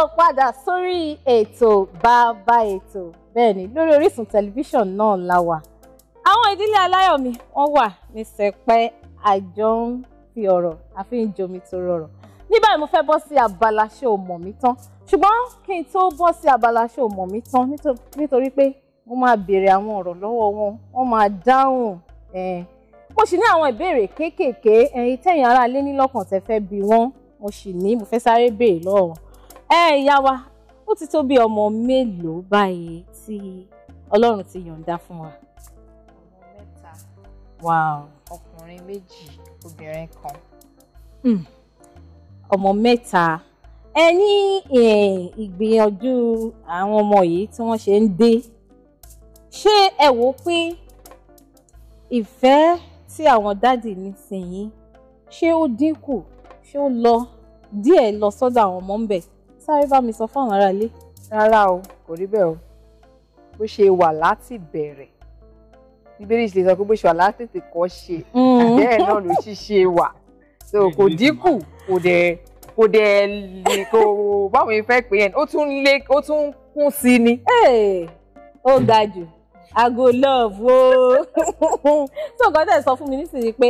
káàbọ̀ padà sórí ètò bàbá ètò bẹ́ẹ̀ ni lórí Orísun tẹlifíṣàn náà la wà àwọn ìdílé aláyọ̀mí wọ́n wà ní sẹpẹ́ àjọ ń fi ọ̀rọ̀ àfi ń jomi tó rọrọ̀ ní báyìí mo fẹ́ bọ́ sí abala ṣé o mọ̀ mí tán ṣùgbọ́n kí n tó bọ́ sí abala ṣé o mọ̀ mí tán nítorí pé mo máa béèrè àwọn ọ̀rọ̀ lọ́wọ́ wọn wọ́n máa dáhùn mo sì ní àwọn ìbéèrè kéékèèké ẹ̀yin tẹ̀yìn aráalé ní lọ́kàn tẹ́ fẹ́ bi wọ́n mo sì ní mo fẹ́ sáré béèrè lọ́wọ́ ẹ ìyá wa ó ti tó bí ọmọ mélòó báyìí tí Ọlọ́run ti yọ̀ǹda fún wa. ọmọ mẹ́ta ọkùnrin méjì obìnrin kan. Hmm. ọmọ mẹ́ta ẹ ní ìgbìyànjú àwọn ọmọ yìí tí wọ́n ṣe ń dé ṣé ẹ wò ó pé ìfẹ́ tí àwọn dáàdì mi sìn yín ṣé ó dínkù ṣé ó lọ díẹ̀ lọ sọ́dọ̀ àwọn ọmọ ń bẹ̀ sáré bá mi sọ fáwọn aráalé. rárá o kò rí bẹ́ẹ̀ o bó ṣe wà láti bẹ̀rẹ̀ bíbélì ṣe sọ pé bó ṣe wà láti tètè kọ́ ṣe mm. bẹ́ẹ̀ náà ló ṣiṣe wà so kò dínkù kò dẹ̀ kò dẹ̀ lè kò báwọn ìfẹ́ pè yẹn ó tún lé ó tún kún sí ni. ó ga jù aago love o so nǹkan tẹ̀ sọ fún mi nísìnyí pé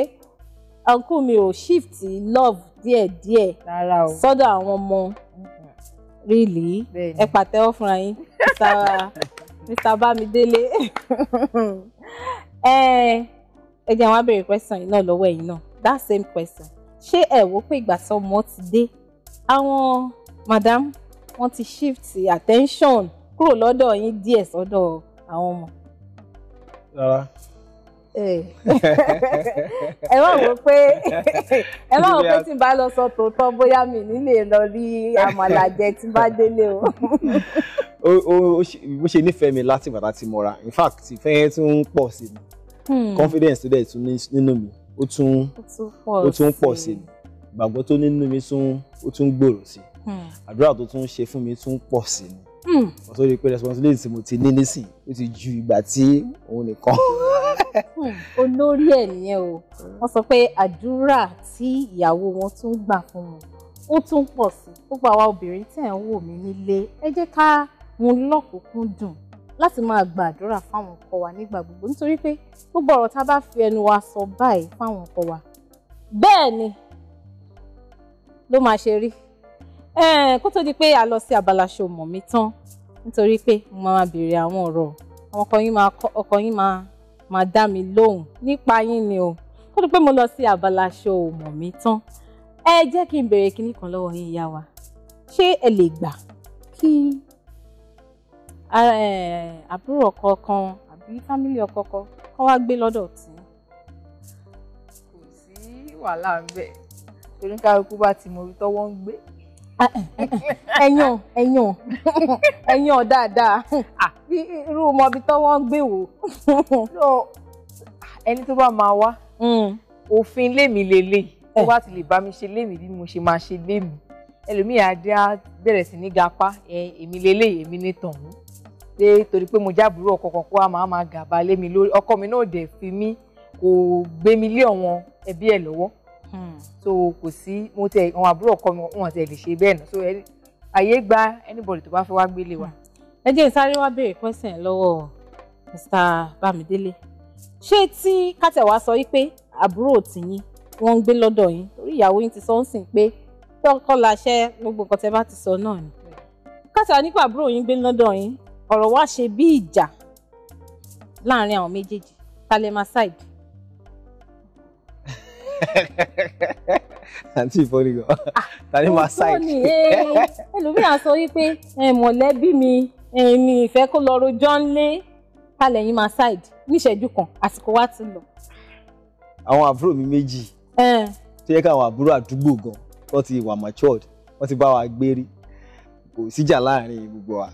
uncle mi ò shift love díẹ̀díẹ̀ sọ́dọ̀ àwọn ọmọ really ẹ pàtẹ́wọ́ fúnra yín Mr. Bámidélé ẹ ẹ jẹ́ wá béèrè question yìí náà lọ́wọ́ ẹ̀yin náà that same question ṣé ẹ wò pé ìgbà tí ọmọ ti dé àwọn madam wọ́n ti shift attention kúrò lọ́dọ̀ yín díẹ̀ sọ́dọ̀ àwọn ọmọ. rárá Eh. ẹ má wò pé ẹ má wò pé tí n bá lọ sọ tòótọ́ bóyá mi nílé lọ rí àmàlà jẹ tí n bá délé o. bó ṣe nífẹ̀ẹ́ mi láti bàtà ti mọ́ra in fact ìfẹ́ yẹn tún ń pọ̀ sí mi hmm. confidence tó dẹ̀ tún nínú mi ó tún ó tún pọ̀ sí mi ìgbàgbọ́ tó nínú mi tún ó tún gbòòrò sí hmm. àdúrà tó tún ṣe fún mi tún pọ̀ sí ni wọ́n rí i hmm. pé responsibility mo ti ní nísìn ó ti ju ìgbà tí òun nìkan Hmm, olórí ẹ̀ nìyẹn o wọ́n sọ pé àdúrà tí ìyàwó wọn tún gbà fún wọn ó tún pọ̀ sí gbogbo àwa obìnrin tẹ̀ ń wò mí nílé ẹ jẹ́ ká wọn lọ́kùnkún dùn láti máa gba àdúrà fáwọn ọkọ wa nígbà gbogbo nítorí pé gbogbo ọ̀rọ̀ tá a bá fi ẹnu wa sọ báyìí fáwọn ọkọ wa bẹ́ẹ̀ ni ló máa ṣe rí kó tó di pé a lọ sí abala ṣòmọ̀ mi tán nítorí pé mo máa béèrè àwọn ọ̀rọ̀ ọkọ yín máa Madame dá mi lóhùn nípa yín ni o ó dùn pé mo lọ sí abala ṣe ò mọ̀ mí tán ẹ jẹ́ kí n bèrè kinní kan lọ́wọ́ yín yá wa ṣé ẹ lè gbà kí eh, àbúrò ọkọ kan àbí fámílì ọkọ kan kọ́ wá gbé lọ́dọ̀ tí. kò sí wàhálà ń bẹ oníkàlùkù bá ti mọ orí tọ́wọ́ ń gbé. Ah, eh, eh, ẹyàn ẹyàn ẹyàn dáadáa ah, irú mọbi tó wọ́n gbé wò ẹni tó bá máa wá hmm. òfin lémi lélẹ̀ tó eh. bá ti lè bá mi ṣe lémi bí mo ṣe máa ṣe lémi ẹlòmíì adé á bẹ̀rẹ̀ sí ní gapá èmi lélẹ̀ èmi ní tọ̀hún pé torí pé mo jábùrú ọkọ kó a máa máa gàba lémi lórí ọkọ mi náà dẹ̀ fi mí kò gbé mi lé ọ̀wọ́n ẹbí ẹ̀ lọ́wọ́ hmm. so kò sí mo tẹ àwọn àbúrò ọkọ mi wọn tẹ lè ṣe bẹ́ẹ̀ náà so àyè gba anybody tó bá fẹ́ wá gbélé wa. Hmm ẹ jẹ́ sáré wá béèrè question lọ́wọ́ Mr. Bámidélé ṣé tí kátẹ̀wá sọ wípé àbúrò tìyín wọ́n ń gbé lọ́dọ̀ yín torí ìyàwó yín ti sọ ń sìn pé tọ́kọ́ láṣẹ gbogbo nǹkan tẹ́ bá ti sọ náà ni kátẹ̀wá nípa àbúrò yín gbé lọ́dọ̀ yín ọ̀rọ̀ wá ṣe bí ìjà láàrin àwọn méjèèjì talema side. àǹtí ìfọ́nìgàn ah, talema side. Eh. ẹlòmíràn sọ wípé mọ̀lẹ́bí mi èmi ìfẹ́ kó lọ rojọ́ ńlé kalẹ̀ yín máa ṣáìdì níṣẹ́jú kan àsìkò wa ti lọ. àwọn àbúrò mi méjì tó yẹ káwọn àbúrò àdúgbò gan wọ́n ti wà matured wọ́n ti bá wa gbé rí kò síjà láàrin gbogbo wa.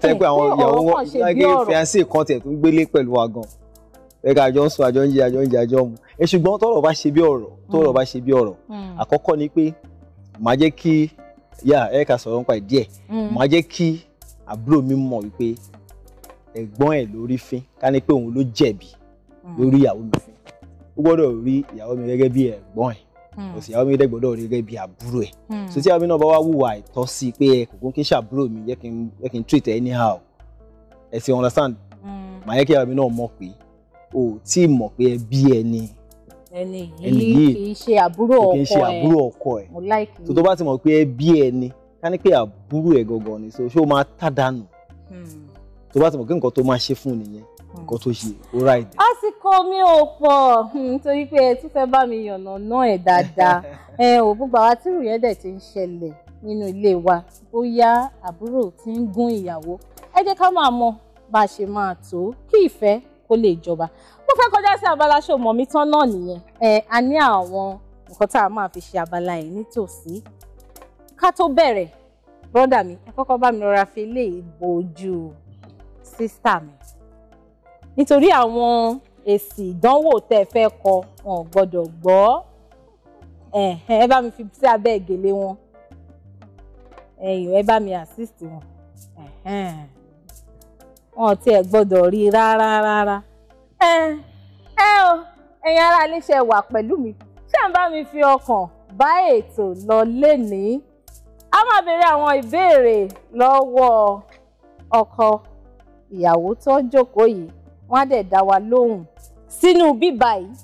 tẹ́ pé àwọn ìyàwó wọn lágbé fiancé kan tẹ̀ tó ń gbélé pẹ̀lú wa gan ẹ̀ka àjọ ń sùn àjọ ń jẹ àjọ ń jẹ àjọ mu ẹ ṣùgbọ́n tọ́rọ̀ bá ṣe bí ọ̀rọ̀ mm. tọ́rọ̀ bá ṣe bí ọ̀rọ̀ mm. àkọ́kọ́ ni pé màá jẹ́ kí yà ẹ̀ka sọ̀rọ̀ nípa ìdí ẹ̀ mm. màá jẹ́ kí àbúrò mi mọ̀ wípé ẹ̀gbọ́n ẹ̀ lórí fín ká ní pé òun ló jẹ̀bi hmm. lórí ìyàwó mi fín ó gbọ́dọ̀ rí ìyàwó mi gẹ́gẹ́ bí ẹ̀gbọ́n ẹ̀ kò hmm. sí ìyàwó mi dẹ̀ gbọ́dọ̀ rí gẹ́gẹ́ bí àbúrò ẹ̀ hmm. so tí ìyàwó mi náà bá wá wùwà àìtọ́ sí i pé ẹ kò kún kí ṣàbúrò mi yẹ kí n treat anyhow ẹ ti understand màá yẹ kí ìyàwó mi náà mọ̀ pé o tí mọ̀ pé ẹbí ẹ ni ẹni yìí kì í ṣe àbúrò ọkọ ẹ mo like so tó bá ti mọ̀ pé ẹbí ẹ ni ká ní pé àbúrò ẹ̀ gangan ni so ṣé o máa tà dànù hmm. tó bá ti mọ̀ pé nǹkan tó máa ṣe fún nìyẹn hmm. nǹkan tó ṣe ó ráì dé. àsìkò mi ò pọ̀ nítorí hmm, pé ẹ tún fẹ́ bá mi yànnà náà ẹ̀ dáadáa ẹ ò gbogbo àwa tírù yẹn dẹ̀ ti ń ṣẹlẹ̀ nínú ilé wa bóyá àbúrò ti ń gún ìyàwó ẹ jẹ́ ká máa mọ bá a ṣe máa tó kí ìfẹ́ kó lè jọba mo fẹ́ kọjá sí abala ṣó mọ̀ mi tán náà nìyẹn ẹ a ní àwọn nǹkan tá a máa fi ṣe abala yìí nítòsí ká tó bẹ̀rẹ̀ brọ́dà mi ẹ kọ́kọ́ bá mi rọra fi ilé ìbò ojú sísítà mi nítorí àwọn èsì ìdánwò tẹ́ ẹ fẹ́ kọ wọn ò gbọ́dọ̀ gbọ́ ẹ bá mi fi sí abẹ́ ìgèlè wọn ẹ̀yin ẹ bá mi assist wọn wọn ò tiẹ̀ gbọ́dọ̀ rí rárá rárá ẹ ẹ o ẹ̀yin ará ilé ṣe wà pẹ̀lú mi ṣé ń bá mi fi ọkàn bá ètò lọ lénìí a máa béèrè àwọn ìbéèrè lọ́wọ́ ọkọ ìyàwó tó ń jókòó yìí wọ́n á dẹ̀ dá wa lóhùn sínú bíbá yìí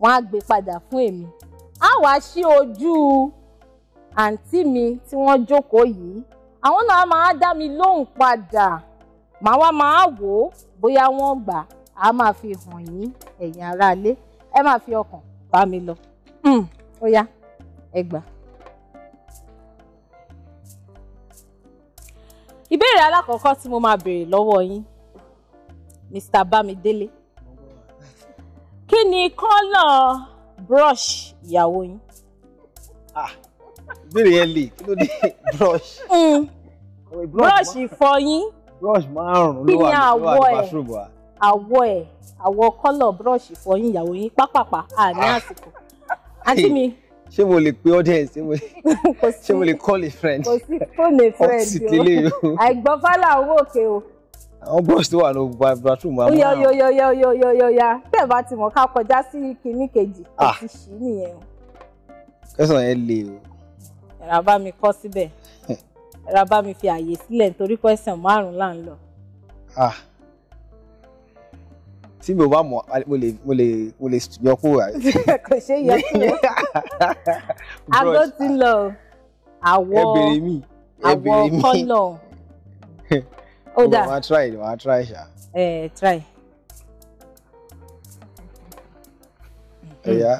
wọ́n á gbé padà fún èmi á wàá ṣí ojú àǹtí mi tí wọ́n jókòó yìí àwọn náà máa dá mi lóhùn padà màá wá máa wò ó bóyá wọ́n gbà á máa fi hàn yín ẹ̀yin aráalé ẹ máa fi ọkàn bá mi lọ hmm, ó yá ẹ gbà. ìbéèrè alákọ̀ọ́kọ́ tí mo máa béèrè lọ́wọ́ yín Mr. Bamidele, kí ni kọ́lọ̀ brush ìyàwó yín. Ah, ìbéèrè yẹn lè kí ló dé brush. Hmm. brush ìfọyín. brush márùn-ún ló wà lọ́wọ́ àdìbàṣọ́bù wa. àwọ̀ ẹ̀ àwọ̀ kọ́lọ̀ brush ìfọyín ìyàwó yín pápápá àní ah. àsìkò àǹtí mi ṣé mo lè pe audience ṣé mo ṣé lè call a friend kò sí fóònù friend o àìgbọ́n fálà owó òkè o. àwọn bros tó wà ní bathroom máa mú àwọn. yoyoyoyoyoyoya bẹ́ẹ̀ bá ti mọ̀ ká kọjá sí kìíní kejì ah. kò ti ṣí nìyẹn. kẹsàn-án yẹn le o. ẹ̀rọ bá mi kọ́ síbẹ̀ hm. ẹ̀rọ bá mi fi àyè sílẹ̀ nítorí question márùn-ún là ń lọ. ah tí mi ò bá mọ̀ mo lè mo lè mo lè yọ kúrò rà. kò ṣe yọ kúrò. agbó ti lọ àwọ̀ àwọ̀ kọ́nà. ó dà wàá try wàá try ṣá. ẹ try. ẹ̀yà.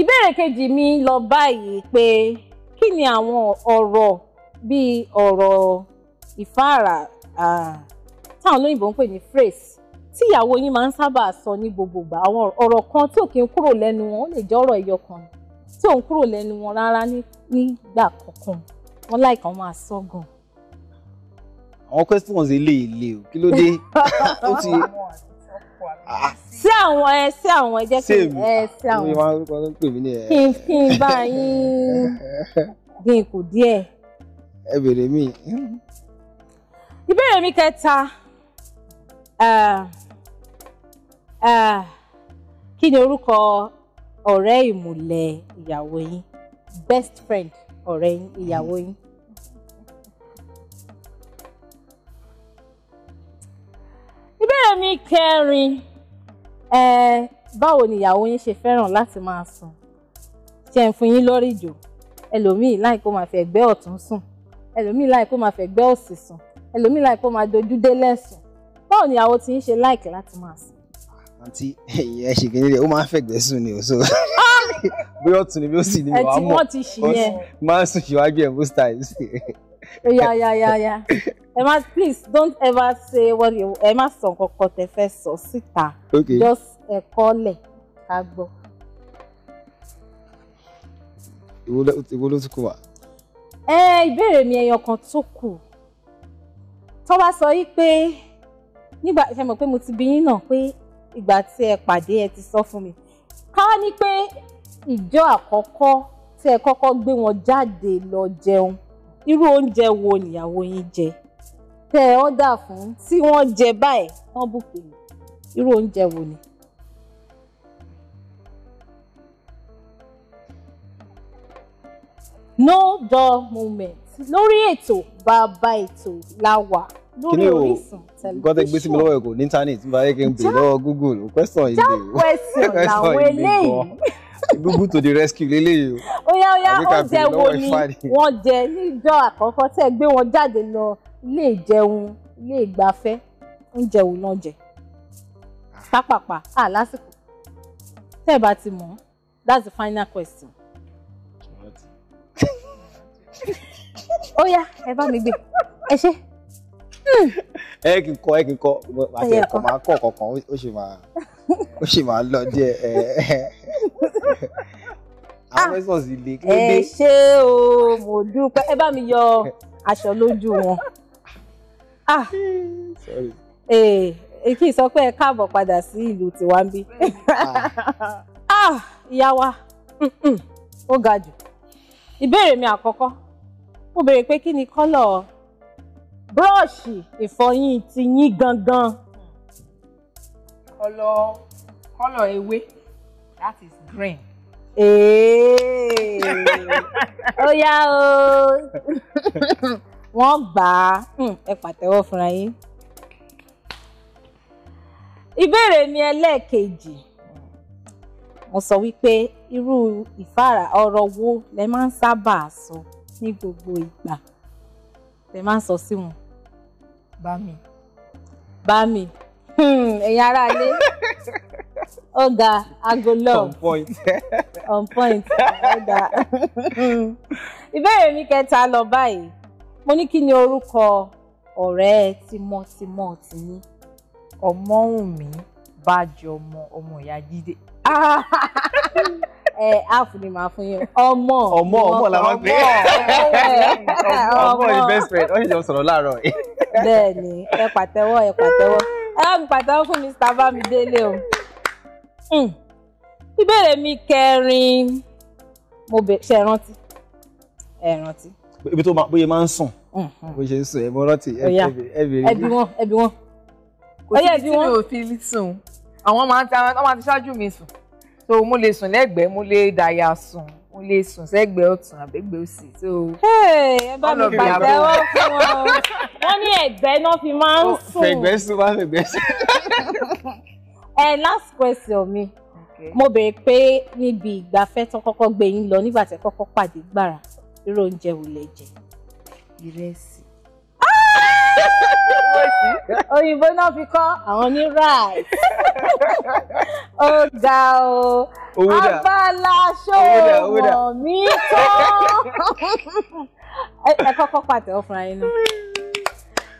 ìbéèrè kejì mi lọ báyìí pé kí ni àwọn ọ̀rọ̀ bíi ọ̀rọ̀ ìfáàrà táwọn olóyìnbó ń pè ní phrase tí ìyàwó yín máa ń sábà sọ ní gbogbo ìgbà àwọn ọ̀rọ̀ kan tí ò kí ń kúrò lẹ́nu wọn ó lè jẹ́ ọ̀rọ̀ ẹyọ kan tí ò ń kúrò lẹ́nu wọn rárá nígbà kankan wọn láìka wọn máa sọ gan. àwọn questions eléyìí le o kí ló dé ó ti sí àwọn ẹ sí àwọn ẹ jẹ́ kí ẹ sí àwọn kí n kí n bá yín dín kù díẹ̀. ẹ bèrè mí. ìbéèrè mi kẹta. Ah, kí ni orúkọ ọ̀rẹ́ ìmùlẹ̀ ìyàwó yín best friend ọ̀rẹ́ ìyàwó yín. ìbéèrè mi kẹrin eh, báwo ni ìyàwó yín ṣe fẹ́ràn láti máa sùn ṣe ń fún yín lórí ìjò ẹlòmíì láì kó máa fi ẹ̀gbẹ́ ọ̀tún sùn ẹlòmíì láì kó máa fi ẹ̀gbẹ́ òsì sùn ẹlòmíì láì kó máa dojú délẹ̀ sùn báwo ni ìyàwó tí ń ṣe láìkì láti máa sùn àǹtí ẹ̀yìn ẹ̀ ṣe kékeré ó máa ń fẹ̀gbẹ́ sùn ni o so bóyá ọ̀tún ni bí ó sì ní wàá mọ̀ ẹ̀ tí wọ́n ti ṣì máa ń sùn síwájú ẹ̀ most times. ya ya ya ya Emma, please don't ever say what you ẹ má sọ kankan tẹ́ fẹ́ sọ síta just ẹ kọ́lẹ̀ ká gbọ́. ìwo ló tún kù wá. ẹ ìbéèrè mi ẹyọ kan tó kù tó bá sọ yìí pé nígbà ṣe mọ̀ pé mo ti bí yín náà pé ìgbà tí ẹ pàdé ẹ ti sọ fún mi ká ní pé ìjọ àkọ́kọ́ tí ẹ kọ́kọ́ gbé wọn jáde lọ jẹun irú oúnjẹ wo nìyàwó yín jẹ tẹ ẹ ọ́dà fún tí wọ́n jẹ báyìí wọ́n bùkún yìí irú oúnjẹ wo ni. no dull moment lórí ètò bàbá ètò la wà lórí Orísun tẹlifíṣàn gbọ́dọ̀ gbé sí mi lọ́wọ́ ẹ̀kọ́ ní internet nípa ayé n bèrè lọ́wọ́ Google question yìí lè wọ́n question làwọn eléyìí Google to the rescue léléyìí o. ó yá ó yá oúnjẹ wo ni wọ́n jẹ níjọ́ àkọ́kọ́ tẹ́ gbé wọn jáde lọ ilé ìjẹun ilé ìgbafẹ́ oúnjẹ wo náà jẹ pápápá à lásìkò tẹ́ ẹ bá ti mọ̀ that's the final question. ó yá ẹ bá mi gbé ẹ ṣe. ẹ kì í kọ ẹ kì í kọ àti máa kọ ó lọ díẹ̀ ẹ àwọn ah, kí ló dé. ẹ o mo dúpẹ́ ẹ bá mi yọ aṣọ lójú wọn ah, kí sọ pé ẹ padà sí ìlú tiwa ń bí ah. ìyá wa ó ga jù ìbéèrè mi àkọ́kọ́ mo béèrè pé kí ni kọ́lọ̀ búrọ́ọ̀ṣì ìfọyín ti yín gangan. kọlọ kọlọ ewé that is green. ó yá o wọ́n gbà á hmm, ẹ pàtẹ́wọ́ fúnra yín. ìbéèrè mi ẹlẹ́ẹ̀kejì mo sọ wípé irú ìfáàrà ọ̀rọ̀ wo lẹ máa ń sábà sọ ní gbogbo ìgbà lẹ máa ń sọ sí wọn. Bami, Bami. bá mi hmm, ẹ̀yin ará ilé ọ̀gá aago on point on point ọ̀gá hmm. ìbéèrè mi kẹta lọ báyìí mo ní kí ni orúkọ ọ̀rẹ́ tímọ́tímọ́ tìyín. ọmọwùnmí bájọmọ ọmọ ìyá jíde. ẹ áàfù ni màá fún yín ọmọ ọmọ ọmọ la máa ń pè é ọmọ investment ó sì jọ sọ̀rọ̀ láàárọ̀ yìí bẹ́ẹ̀ ni ẹ pàtẹ́wọ́ ẹ pàtẹ́wọ́ ẹ bá mi pàtẹ́wọ́ fún Mr. Bamidele. o hmm. ìbéèrè mi kẹrin mo ṣe rántí ẹ rántí. ibi tó bóyá máa ń sùn hmm. bó ṣe ń sùn ẹ mọ rántí ẹ bèrè. ẹbí wọn ẹbí wọn. kò sí tí mi ò fi sùn àwọn máa ń ti ṣáájú mi sùn so mo lè sùn lẹ́gbẹ̀ẹ́ mo lè dàyà sùn mo lè sùn sẹ́gbẹ̀ẹ́ ọ̀tún àbẹ́gbẹ́ òsì tó. ẹ bá mi pàtẹ́wọ́ fún ọ wọ́n ní ẹ̀gbẹ́ náà fi máa ń sùn. fẹ̀gbẹ́ sùn wá fẹ̀gbẹ́ sùn. last question mi mo béèrè pé níbi ìgbafẹ́ tó kọ́kọ́ gbé yín lọ nígbà tẹ́ kọ́kọ́ pàdé gbàrà irú oúnjẹ wo lẹ jẹ. ìrẹsì Oyinbo ah! náà fi kọ́ àwọn ní rice ó ga o abala ṣòwò mi tán ẹ kọ́kọ́ pàtẹ ọfúnra yín náà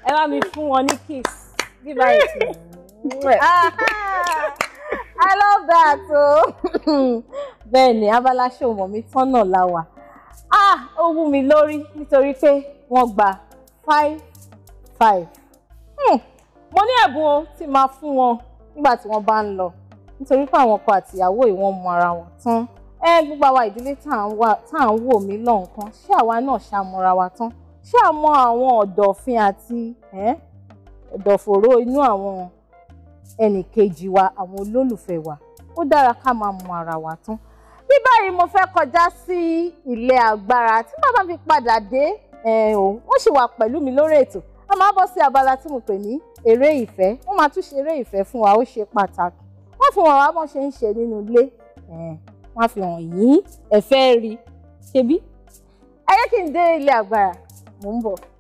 ẹ bá mi fún wọn ní kiss bí báyìí tù I love that o bẹ́ẹ̀ ni abala ṣòwò mi tán náà la wà ah ó wú mi lórí nítorí pé wọ́n gba five five hmm, mo ní ẹ̀bùn tí máa fún wọn nígbà tí wọ́n bá ń lọ nítorí pé àwọn ọkọ àtìyàwó ìwọ̀n mọ ara wọn tán ẹ gbogbo àwa ìdílé tá à ń wò mí lọ́nkán ṣé àwa náà ṣàmọ́ra wa tán ṣé àmọ́ àwọn ọ̀dọ̀fin àti ẹ̀dọ̀fòró inú àwọn ẹnì kejì wa àwọn olólùfẹ́ wa ó dára ká máa mọ ara wa tán bí báyìí mo fẹ́ kọjá sí ilé agbára tí bàbá mi padà dé òun ó sì wà pẹ̀lú mi lórí ètò a máa bọ́ sí abala tí mo pè ní eré ìfẹ́ wọ́n máa tún ṣe eré ìfẹ́ fún wa ó ṣe pàtàkì wọ́n fi hàn wá bọ́n ṣe ń ṣe nínú ilé wọ́n fi hàn yín ẹ fẹ́ rí ṣebí ẹ yẹ kí n dé ilé agbára mò ń bọ̀.